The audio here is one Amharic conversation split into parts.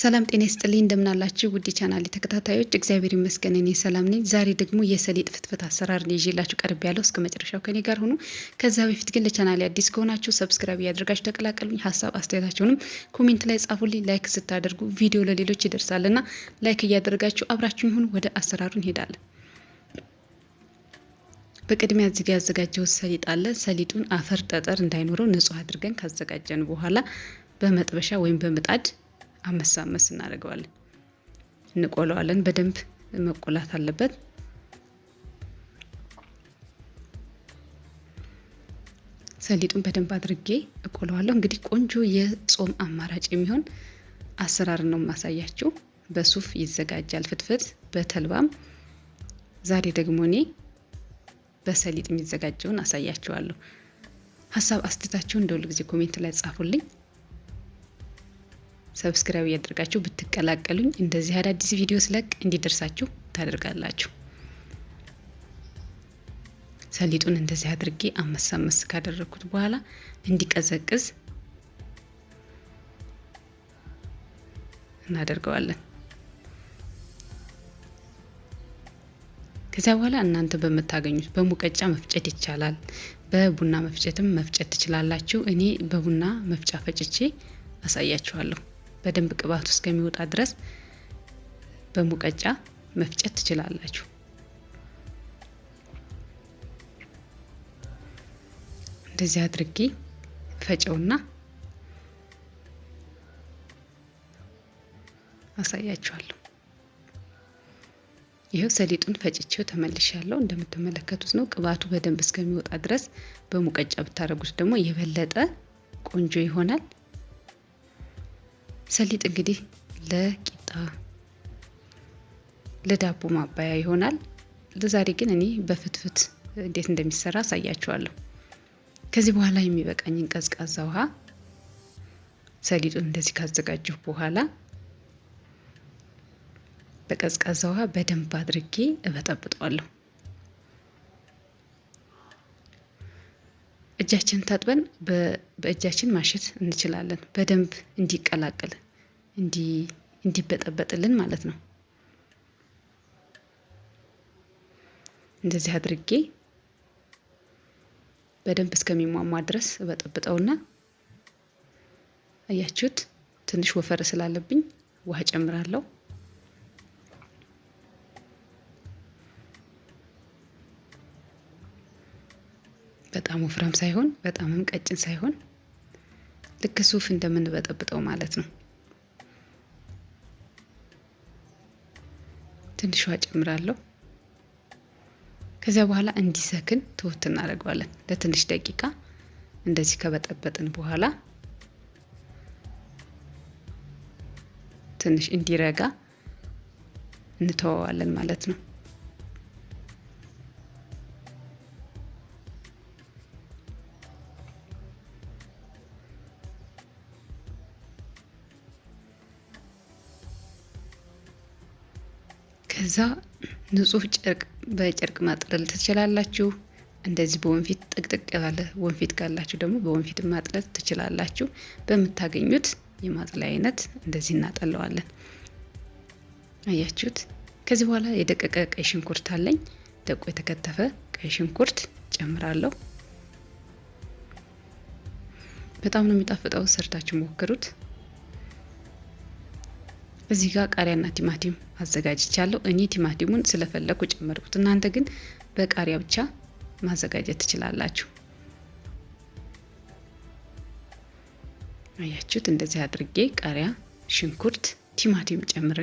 ሰላም ጤና ይስጥልኝ፣ እንደምናላችሁ ውድ ቻናል ተከታታዮች፣ እግዚአብሔር ይመስገን እኔ ሰላም ነኝ። ዛሬ ደግሞ የሰሊጥ ፍትፍት አሰራር ይዤላችሁ ቀርብ ያለው እስከ መጨረሻው ከኔ ጋር ሆኑ። ከዛ በፊት ግን ለቻናል አዲስ ከሆናችሁ ሰብስክራይብ እያደርጋችሁ ተቀላቀሉኝ። ሀሳብ አስተያየታችሁንም ኮሜንት ላይ ጻፉልኝ። ላይክ ስታደርጉ ቪዲዮ ለሌሎች ይደርሳልና ላይክ እያደረጋችሁ አብራችሁ ይሁን። ወደ አሰራሩ እንሄዳለን። በቅድሚያ እዚህ ያዘጋጀሁት ሰሊጥ አለ። ሰሊጡን አፈር ጠጠር እንዳይኖረው ንጹህ አድርገን ካዘጋጀን በኋላ በመጥበሻ ወይም በምጣድ አመሳ አመስ እናደርገዋለን፣ እንቆለዋለን። በደንብ መቆላት አለበት። ሰሊጡን በደንብ አድርጌ እቆለዋለሁ። እንግዲህ ቆንጆ የጾም አማራጭ የሚሆን አሰራር ነው ማሳያችሁ። በሱፍ ይዘጋጃል ፍትፍት በተልባም። ዛሬ ደግሞ እኔ በሰሊጥ የሚዘጋጀውን አሳያችኋለሁ። ሀሳብ አስተታችሁን እንደ ጊዜ ኮሜንት ላይ ጻፉልኝ። ሰብስክራይብ እያደርጋችሁ ብትቀላቀሉኝ እንደዚህ አዳዲስ ቪዲዮ ስለቅ እንዲደርሳችሁ ታደርጋላችሁ። ሰሊጡን እንደዚህ አድርጌ አመስ አመስ ካደረግኩት በኋላ እንዲቀዘቅዝ እናደርገዋለን። ከዚያ በኋላ እናንተ በምታገኙት በሙቀጫ መፍጨት ይቻላል። በቡና መፍጨትም መፍጨት ትችላላችሁ። እኔ በቡና መፍጫ ፈጭቼ አሳያችኋለሁ። በደንብ ቅባቱ እስከሚወጣ ድረስ በሙቀጫ መፍጨት ትችላላችሁ። እንደዚህ አድርጌ ፈጨውና አሳያችኋለሁ። ይኸው ሰሊጡን ፈጭቼው ተመልሻለሁ። እንደምትመለከቱት ነው። ቅባቱ በደንብ እስከሚወጣ ድረስ በሙቀጫ ብታደርጉት ደግሞ የበለጠ ቆንጆ ይሆናል። ሰሊጥ እንግዲህ ለቂጣ ለዳቦ ማባያ ይሆናል። ለዛሬ ግን እኔ በፍትፍት እንዴት እንደሚሰራ አሳያችኋለሁ። ከዚህ በኋላ የሚበቃኝን ቀዝቃዛ ውሃ ሰሊጡን እንደዚህ ካዘጋጀሁ በኋላ በቀዝቃዛ ውሃ በደንብ አድርጌ እበጠብጠዋለሁ። እጃችን ታጥበን በእጃችን ማሸት እንችላለን። በደንብ እንዲቀላቅል እንዲበጠበጥልን ማለት ነው። እንደዚህ አድርጌ በደንብ እስከሚሟሟ ድረስ እበጠብጠውና አያችሁት፣ ትንሽ ወፈር ስላለብኝ ውሃ ጨምራለሁ። በጣም ወፍራም ሳይሆን በጣምም ቀጭን ሳይሆን ልክ ሱፍ እንደምንበጠብጠው ማለት ነው። ትንሿ ጨምራለሁ። ከዚያ በኋላ እንዲሰክን ትውት እናደርገዋለን ለትንሽ ደቂቃ። እንደዚህ ከበጠበጥን በኋላ ትንሽ እንዲረጋ እንተወዋለን ማለት ነው። ከዛ ንጹህ ጨርቅ በጨርቅ ማጥለል ትችላላችሁ። እንደዚህ በወንፊት ጥቅጥቅ ያለ ወንፊት ካላችሁ ደግሞ በወንፊት ማጥለት ትችላላችሁ። በምታገኙት የማጥለያ አይነት እንደዚህ እናጠለዋለን። አያችሁት? ከዚህ በኋላ የደቀቀ ቀይ ሽንኩርት አለኝ። ደቆ የተከተፈ ቀይ ሽንኩርት ጨምራለሁ። በጣም ነው የሚጣፍጠው። ሰርታችሁ ሞክሩት። እዚህ ጋር ቃሪያና ቲማቲም አዘጋጅቻለሁ። እኔ ቲማቲሙን ስለፈለኩ ጨመርኩት። እናንተ ግን በቃሪያ ብቻ ማዘጋጀት ትችላላችሁ። አያችሁት? እንደዚህ አድርጌ ቃሪያ፣ ሽንኩርት፣ ቲማቲም ጨምሬ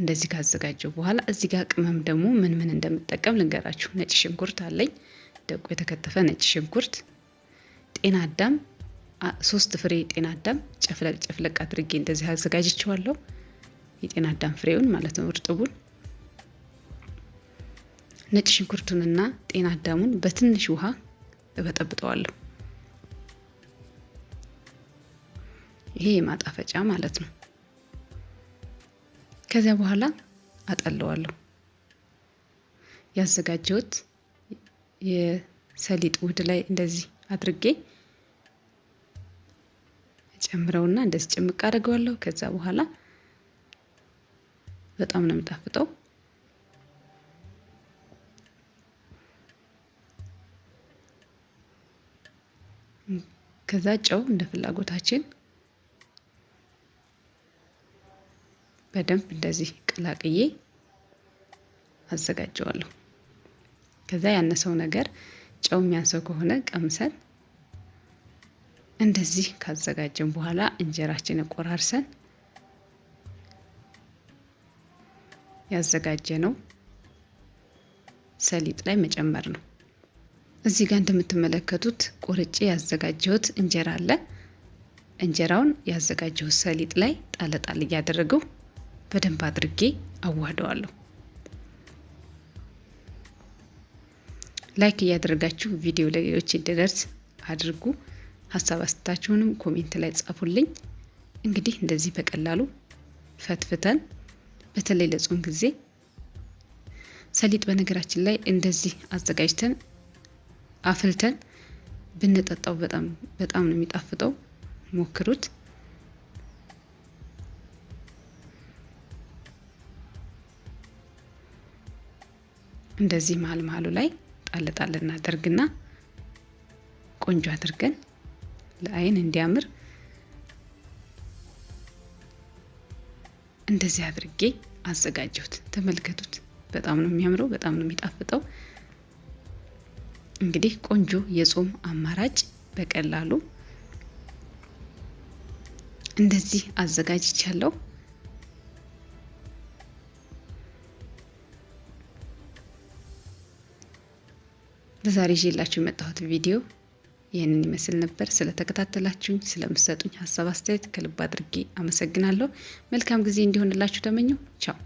እንደዚህ ካዘጋጀው በኋላ እዚህ ጋር ቅመም ደግሞ ምን ምን እንደምጠቀም ልንገራችሁ። ነጭ ሽንኩርት አለኝ፣ ደቆ የተከተፈ ነጭ ሽንኩርት፣ ጤና አዳም ሶስት ፍሬ ጤና አዳም ጨፍለቅ ጨፍለቅ አድርጌ እንደዚህ አዘጋጅቸዋለሁ። የጤና አዳም ፍሬውን ማለት ነው እርጥቡን ነጭ ሽንኩርቱንና ጤና አዳሙን በትንሽ ውሃ እበጠብጠዋለሁ። ይሄ የማጣፈጫ ማለት ነው። ከዚያ በኋላ አጠለዋለሁ። ያዘጋጀሁት የሰሊጥ ውህድ ላይ እንደዚህ አድርጌ ጨምረውና እንደዚህ ጭምቅ አድርገዋለሁ። ከዛ በኋላ በጣም ነው የሚጣፍጠው። ከዛ ጨው እንደ ፍላጎታችን በደንብ እንደዚህ ቀላቅዬ አዘጋጀዋለሁ። ከዛ ያነሰው ነገር ጨው የሚያንሰው ከሆነ ቀምሰን እንደዚህ ካዘጋጀን በኋላ እንጀራችን ቆራርሰን ያዘጋጀ ነው ሰሊጥ ላይ መጨመር ነው። እዚህ ጋር እንደምትመለከቱት ቁርጭ ያዘጋጀሁት እንጀራ አለ። እንጀራውን ያዘጋጀሁት ሰሊጥ ላይ ጣለጣል እያደረገው በደንብ አድርጌ አዋህደዋለሁ። ላይክ እያደረጋችሁ ቪዲዮ ለሌሎች እንዲደርስ አድርጉ። ሀሳብ አስተታችሁንም ኮሜንት ላይ ጻፉልኝ። እንግዲህ እንደዚህ በቀላሉ ፈትፍተን በተለይ ለጾም ጊዜ ሰሊጥ በነገራችን ላይ እንደዚህ አዘጋጅተን አፍልተን ብንጠጣው በጣም በጣም ነው የሚጣፍጠው። ሞክሩት። እንደዚህ መሀል መሀሉ ላይ ጣል ጣል እናደርግና ቆንጆ አድርገን ለአይን እንዲያምር እንደዚህ አድርጌ አዘጋጀሁት። ተመልከቱት። በጣም ነው የሚያምረው፣ በጣም ነው የሚጣፍጠው። እንግዲህ ቆንጆ የጾም አማራጭ በቀላሉ እንደዚህ አዘጋጅቻለሁ። በዛሬ ይዤላችሁ የመጣሁት ቪዲዮ ይህንን ይመስል ነበር። ስለተከታተላችሁ ስለምሰጡኝ ሀሳብ አስተያየት ከልብ አድርጌ አመሰግናለሁ። መልካም ጊዜ እንዲሆንላችሁ ተመኘው። ቻው